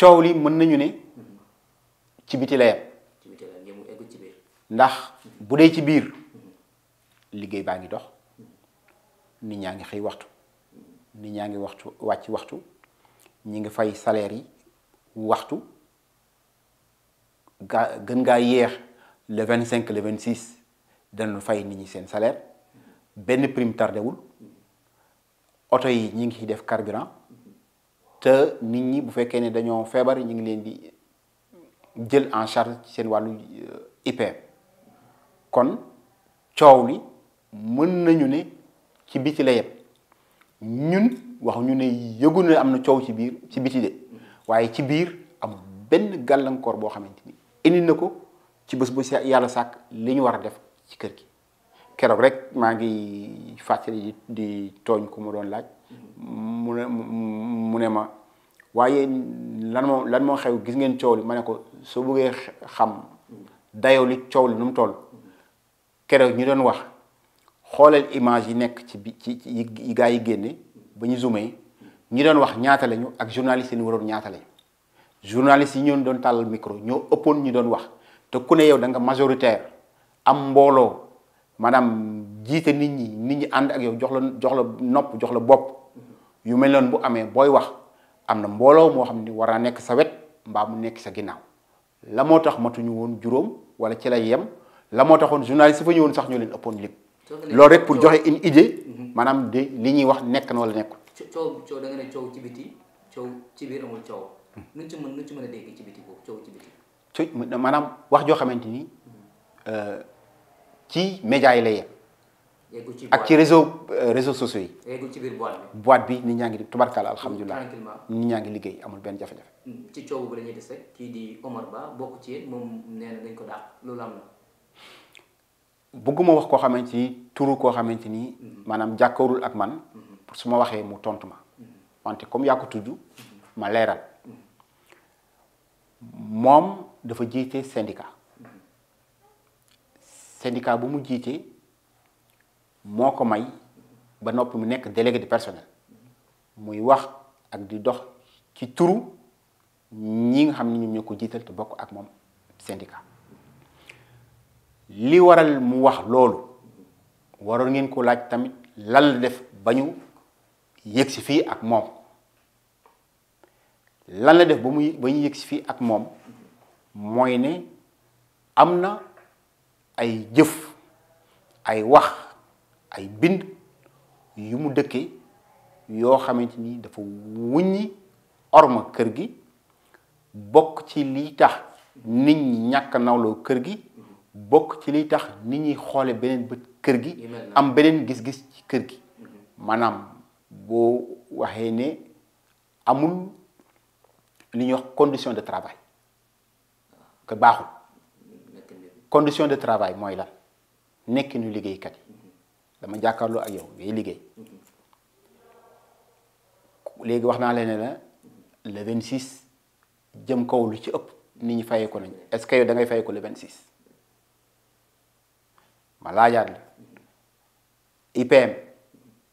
coow li mën nañu ne ci biti la yem ndax bu dee ci biir liggéey baa ngi dox nit ñaa ngi xëy waxtu nit ñaa ngi waxtu wàcc waxtu ñi ngi fay saleer yi waxtu ga gën gaa yéex le vingt cinq le vingt six danañu fay nit ñi seen salaire benn prime tardé wul oto yi ñi ngi ciy def carburant te nit ñi bu fekkee ne dañoo feebar ñu ngi leen di jël en charge seen wàllu euh, IPM kon coow li mën nañu ne ci biti la yem ñun waxuñu ne yëgu am na coow ci biir ci biti de waaye ci biir am benn gàllankoor boo xamante ni indi na ko ci bës bu yàlla sàkk li ñu war a def ci kër gi keroog rek maa ngi fàttali di tooñ ku mu doon laaj mu mu ne ma waye lan moo lan moo xew gis ngeen ciowli ne ko xam dayo li ciowli num ñu doon wax xolal image yi nekk ci ci yi zoomé ñi doon wax ñaata ak journaliste yi ñu ñaata lañu yi ñoon micro ñoo ëppoon ñu doon wax te ku ne yow da nga majoritaire am mbolo manam jité nit ñi nit ñi and ak yow jox la jox la nopp jox la am na mbooloo moo xam ni war naa nekk sa wet mbaa mu nekk sa ginaaw la moo tax matuñu woon juróom wala ci la yem la moo taxoon journaliste fa ñëwoon sax ñoo leen ëppoon lim. loolu rek pour joxe une idée. Mhm. maanaam de li ñuy wax nekk na wala nekkul. coow coow da nga ne coow ci biti coow ci biir amul coow. Hmm. ci mën a dégg ci biti boobu coow ci biti. coow maanaam wax joo xamante ni hmm. euh, ci média yi la yem. ak ci réseau euh, réseaux sociaux yi. yeggul ci biir boîte bi. ni bi nit ñaa ngi tubarkalla alhamdulilah. nit ñaa ngi liggéey amul benn jafe-jafe. Hmm, ci coow bi la ñuy dese kii di Omar Ba ci yéen moom nee na ko dàq loolu wax koo xamante ni turu koo xamante ni. Hmm. maanaam jàkkoorul ak man. Hmm. pour su ma waxee mu tontu ma. wante comme yaa ko ma leeral. moom dafa jiite syndicat. syndicat bu mu jiite. moo ko may ba noppi mu nekk délégué du personnel muy wax ak di dox ci turu ñi nga xam ne ñoom ñoo ko jiital te bokk ak moom syndicat li waral mu wax loolu waroon ngeen ko laaj tamit lan la def ba ñu yëg fii ak moom lan la def ba muy ba ñu yëg si fii ak moom mooy ne am na ay jëf ay wax ay bind yu mu dëkkee yoo xamante ni dafa wuññi orma kër gi bokk ci liy tax nit ñi ñàkk nawloo kër gi bokk ci liy tax nit ñi xoole beneen bët kër gi am beneen gis-gis ci kër gi mhm. maanaam boo waxee ne amul li ñuy wax condition de travail que baaxul condition de travail mooy la nekk nu liggéeykat yi dama jàkkaarloo ak yow ngay liggéey léegi wax naa leen ne la le 26 jëm kaw lu ci ëpp nit ñi fayee ko nañ est-ce que yow da ngay fayee ko ma laajaat la IPM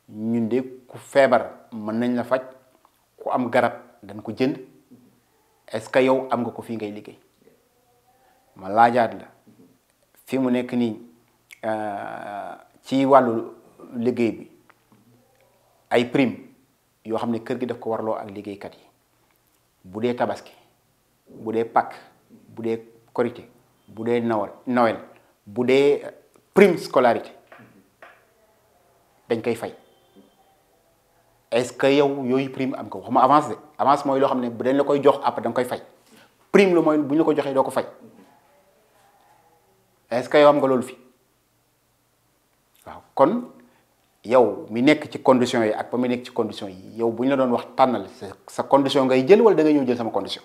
ñun de ku feebar mën nañ la faj ku am garab dañ ko jënd est-ce que yow am nga ko fii ngay liggéey ma laajaat la fi mu nekk nii. Euh, ci wàllu liggéey bi ay prime yoo xam ne kër gi daf ko warloo ak liggéeykat yi bu dee tabaski bu dee pàkk bu dee korité bu dee nawal noël bu dee prime scolarité dañ koy fay est-ce que yow yooyu prime am ko waxuma avance de avance mooy loo xam ne bu dañ la koy jox app da nga koy fay prime lu mooy bu ñu la ko joxee doo ko fay est-ce que yow am nga loolu fi waaw kon yow mi nekk ci condition yi ak ba mi nekk ci condition yi yow bu ñu la doon wax tànnal sa condition ngay jël wala da ngay ñëw jël sama condition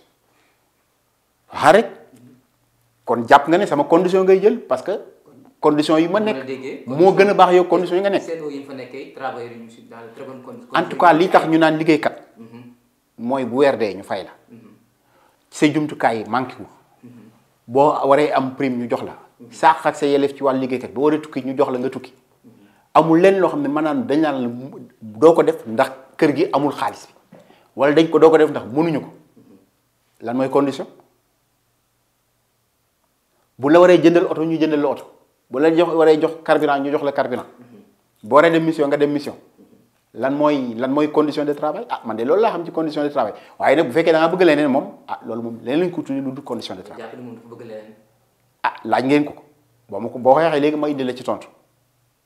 waxa rek kon jàpp nga ne sama condition ngay jël parce que condition yi ma nekk moo gën a baax yow condition yi nga nekk en tout cas li tax ñu naan kat mhm. mooy bu weer dee ñu fay la mhm. say jumtukaay yi manqué wu mhm. boo waree am prime ñu jox la saax ak sa yelleef ci wàllu liggéeykat boo waree tukki ñu jox la nga tukki amul leen loo xam ne maanaam dañ naan doo ko def ndax kër gi amul xaalis bi wala dañ ko doo ko def ndax mënuñu ko lan mooy condition bu la waree jëndal oto ñu jëndal la oto bu la jox waree jox carburant ñu jox la carburant boo waree dem mission nga dem mission lan mooy lan mooy condition de travail ah man de loolu laa xam ci condition de travail waaye nag bu fekkee da ngaa bëgg leneen moom ah, ah laaj ngeen ko ko boo ma ko boo ko waxee ma indi ci tontu.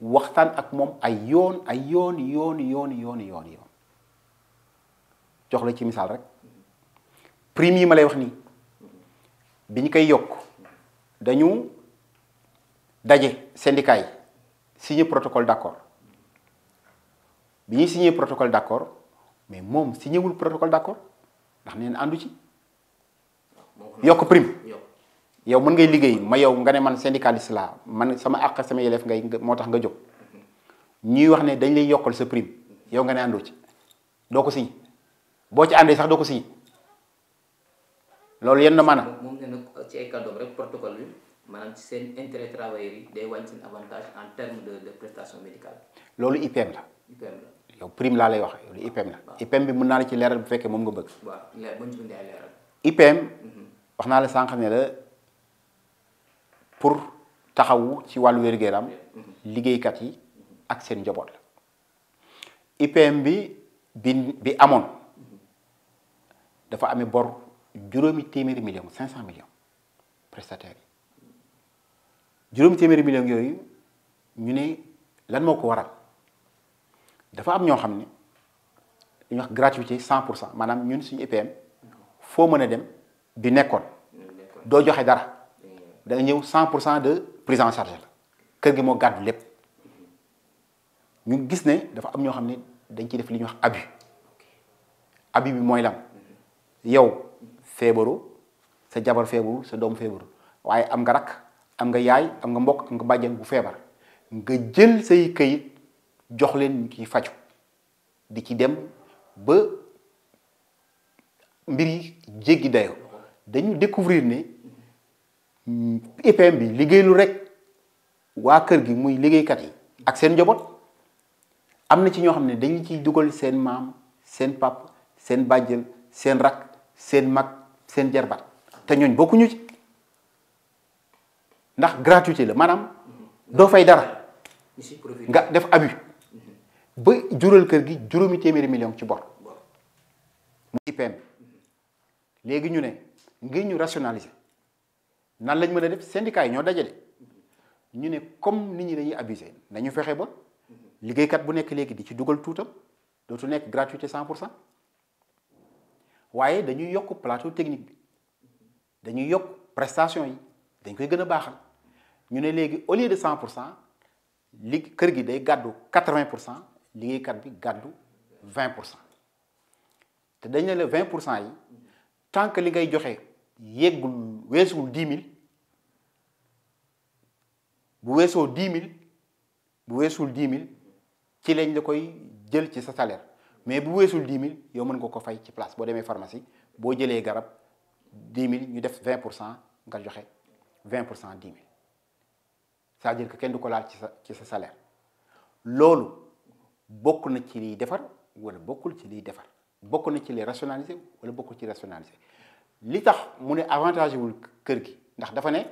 waxtaan ak moom ay yoon ay yoon yoon yoon yoon yoon yoon jox la ci misaal rek prime yi ma lay wax nii bi ñu koy yokk dañu daje syndicat yi signé protocole d'accord bi ñuy signé protocole d'accord mais moom signé wul protocole d'accord ndax neen àndu ci yokk prime yow mën ngay liggéey ma yow nga ne man syndicaliste la man sama ak sama yelef ngay motax nga jog ñuy wax ne dañ lay yokkal sa prime yow nga ne àndoo ci doo ko siy boo ci andé sax doo ko siy loolu yenn mana moom ne nak ci ay cadeau rek protocole bi manam ci sen intérêt travailleur yi day wàññi seen avantage en terme de de prestation médicale lolou IPM la IPM la yow prime la lay wax loolu IPM la IPM bi mën na la ci leeral bu fekkee mom nga bëgg wa leer buñ ci bindee leeral IPM mhm. waxna la sànq ne la pour taxawu ci wàllu wér-gu-yaram liggéeykat yi ak seen njoboot la IPM bi bi bi amoon dafa amee bor juróomi téeméeri millions cinq cent millions prestataires yi juróomi téeméeri millions yooyu ñu ne lan moo ko waral dafa am ñoo xam ni li ñuy wax gratuité cent pour cent maanaam ñun suñu IPM foo mën a dem bi nekkoon doo joxe dara da 100 de prise en charge Quel que gi garde gàddu lépp ñu gis ne dafa am ñoo xam ne dañ def li wax abus abus bi mooy lam yow feebaru sa jabar feebaru sa doom Ouais, amgarak, am nga rak am nga yaay am nga mbokk am nga bàjjen bu feebar nga jël say këyit jox di ci dem ba mbir yi jéggi dañu découvrir ne IPM bi liggéeylu rek waa kër gi muy liggéeykat yi ak seen njaboot am na ci ñoo xam ne dañu ciy dugal seen maam seen pap seen bàjjël seen rak seen mag seen jarbat te ñooñ bokkuñu ci ndax gratuité la maanaam mhm. doo fay dara nga def abus mhm. ba jural kër gi juróomi téeméeri million ci bor mu IPM léegi ñu ne ngir ñu rationaliser nan lañ mëna def syndicat yi ñoo dajalé ñu né comme nit ñi dañuy abusé nañu fexé ba liggéey kat bu nekk léegi di ci dugal tuutam dootu nekk gratuité 100% waaye dañuy yokk plateau technique bi dañuy yokk prestation yi dañ koy gën a baaxal ñu ne léegi au lieu de 100% li kër gi day gàddu 80% liggéey kat bi gàddu 20% te dañ ne le 20% yi tant que li ngay joxe yéggul weesuwul Vous bu 10 10 000, bu ci sa salaire mais bu weesul dix 10 yow mën nga ko fay ci place boo demee pharmacie boo jëlee garab 10 ñu def 20 nga 20 cest dire que kenn du ko laal ci sa ci sa salaire loolu bokk na ci liy defar wala bokkul ci liy defar bokk na ci rationaliser wala bokkul ci li tax mu ne avantage wul kër gi ndax dafa ne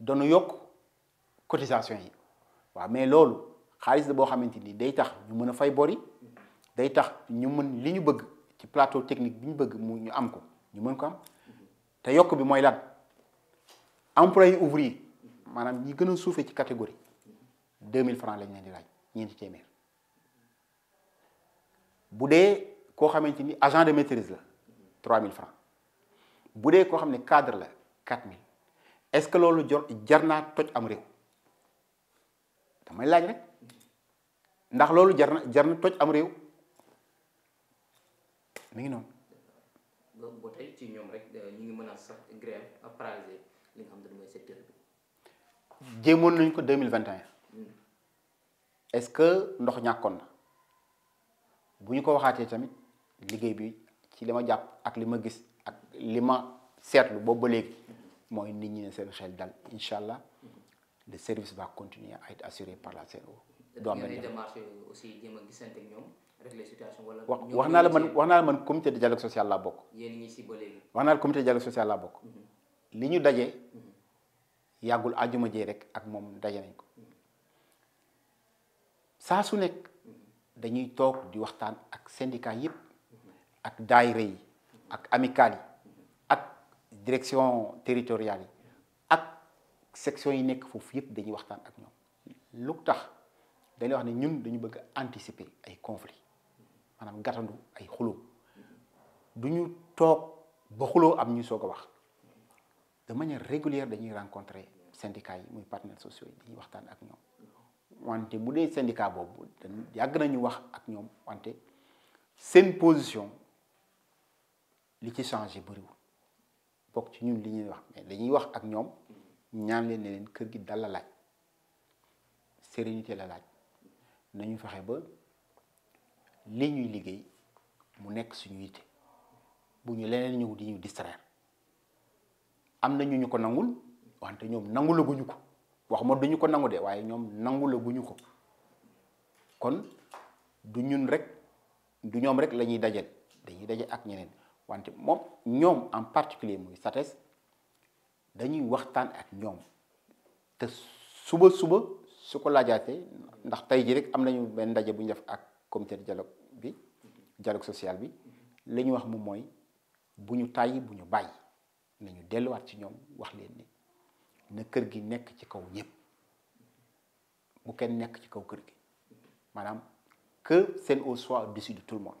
doon yok cotisation yi wa mais loolu xaalis la boo xamante ni day tax ñu mën a fay bori day tax ñu mën li ñu bëgg ci plateau technique bi ñu bëgg mu ñu am ko ñu mën ko am te yokk bi mooy lan employé ouvrier maanaam ñi gën a suufee ci catégorie 2000 francs lañ leen di laaj ñeenti téeméer bu dee koo xamante ni agent de maîtrise la 3000 francs bu dee koo xam ne cadre la 4000 est-ce que loolu jor jar naa toj am réew damay laaj rek ndax loolu jar na jar na toj am réew mu ngi noonu. ba ci ñoom rek euh, ñu ngi mën a sax li nga xam ne mooy secteur bi. jéemoon nañu ko 2021 hmm. est-ce que ndox ñàkkoon na bu ñu ko waxaatee tamit liggéey bi ci li ma jàpp ak li ma gis. lima ma bo boobu moy nit ñi ne seen xel dal inshallah le service va continuer à être assuré par la CNO. du am benn démarche aussi jéem a gisante ak ñoom régler situation wala. wax naa la man waxna la man comité de dialogue social la bok yeen ñi ci ba waxna la comité de dialogue social la bok mhm. li ñu daje. Mhm. yàggul àjjuma jee rek ak mom dajé nañ ko. Mhm. sa su nek dañuy tok di waxtaan ak syndicat yëpp. ak daayira yi ak amical yi direction territoriale yi ak section yi nek foofu yëpp dañuy waxtaan ak ñom lu tax dañuy wax ni ñun dañu bëgg anticiper ay conflits manam gàttandu ay xuloo du tok ba xuloo am ñu soog wax de manière régulière dañuy rencontrer syndicats yi muy partenaires sociaux yi dañuy waxtaan ak ñom wante bu dee syndicat bobu yàgg nañu wax ak ñom wante sen position li ci changé bëriwul bokk ci ñun li ñuy wax mais dañuy wax ak ñoom ñaan leen ne leen kër gi dal la laaj sérénité la laaj nañu fexe ba li ñuy liggéey mu nekk suñu yitte bu ñu leneen ñëw di ñu distraire am na ñu ñu ko nangul wante ñoom nangulaguñu ko wax ma duñu ko nangu de waaye ñoom nangulaguñu ko kon du ñun rek du ñoom rek la ñuy dajal dañuy daje ak ñeneen wante mom ñom en particulier moy SATES dañuy waxtaan ak ñom te suba suba su ko laajaatee ndax tay ji rek am nañu ben ndaje buñ def ak comité de dialogue bi dialogue social bi lañu wax mu moy buñu ñu buñu bu ñu bàyyi nañu ci ñom wax leen ni na kër gi nekk ci kaw ñëpp bu kenn nekk ci kaw kër gi maanaam que c'est au soit au-dessus de tout le monde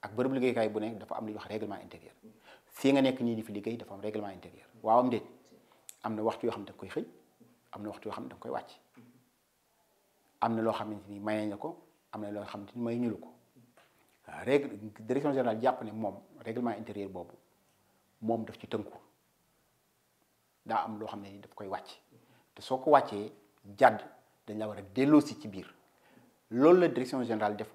ak bërëb liggéeykaay bu nekk dafa am lu ñuy wax règlement intérieur fii nga nekk nii di fi liggéey dafa am règlement intérieur waaw am déet am na waxtu yoo xam ne da koy xëy am na waxtu yoo xam ne da nga koy wàcc na loo xamante ni maye na ko am na loo xam ne ni may ñulu ko règle direction générale jàpp ne moom réglement intérieur boobu moom daf ci tënku daa am loo xam ne ni daf koy wàcc te soo ko wàccee jàdd dañ la war a delloosi ci biir loolu la direction générale def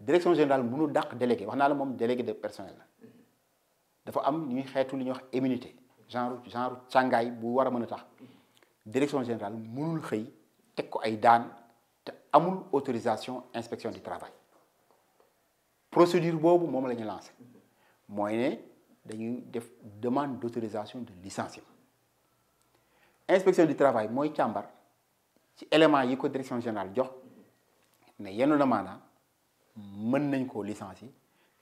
direction générale mënu dàq délégué waxna la mom délégué de personnel Il dafa am ñuy xétu li ñuy immunité genre genre càngaay bu wara tax direction générale mënul xey tek ko ay daan te amul autorisation inspection du travail procédure bobu mom lañu lancer moy né dañuy def demande d'autorisation de licenciement inspection du travail moy càmbar ci élément yi ko direction générale jox ne yenn na maanaam mën nañ koo licencier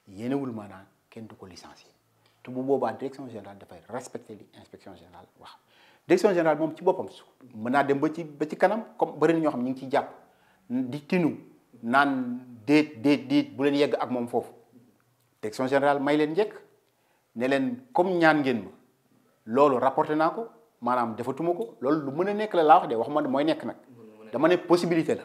yéenewul maanaam kenn du ko licencier te bu boobaa direction générale dafay respecter li inspection générale wax direction générale moom ci boppam su mën naa dem ba ci ba ci kanam comme bëri na ñoo xam ñu ngi ciy jàpp di tinu naan déet déet déet bu leen ak moom foofu direction générale may leen njëkk ne leen comme ñaan ngeen ma loolu rapporté naa ko maanaam defatuma ko loolu lu mën a nekk la laa wax de waxuma mooy nekk nag dama ne possibilité la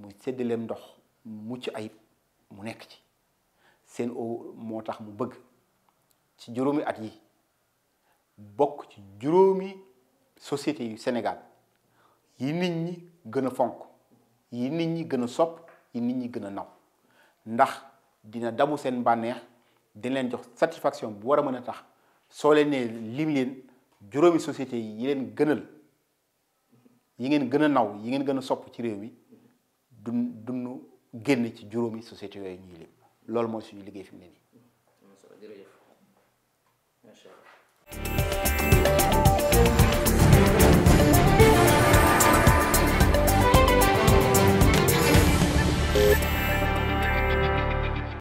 muy sedd leen ndox mu mucc ayib mu nekk ci seen o moo tax mu bëgg ci juróomi at yi bokk ci juróomi société yu Sénégal yi nit ñi gën a fonk yi nit ñi gën a sopp yi nit ñi gën a naw ndax dina damu seen bànneex dina leen jox satisfaction bu war a mën a tax soo leen nee lim leen juróomi société yi leen gënal yi ngeen gën a naw yi ngeen gën a sopp ci réew mi dun dunu génn ci juróomi société yooyu ñuy loolu mooy suñu liggéey fi ne nii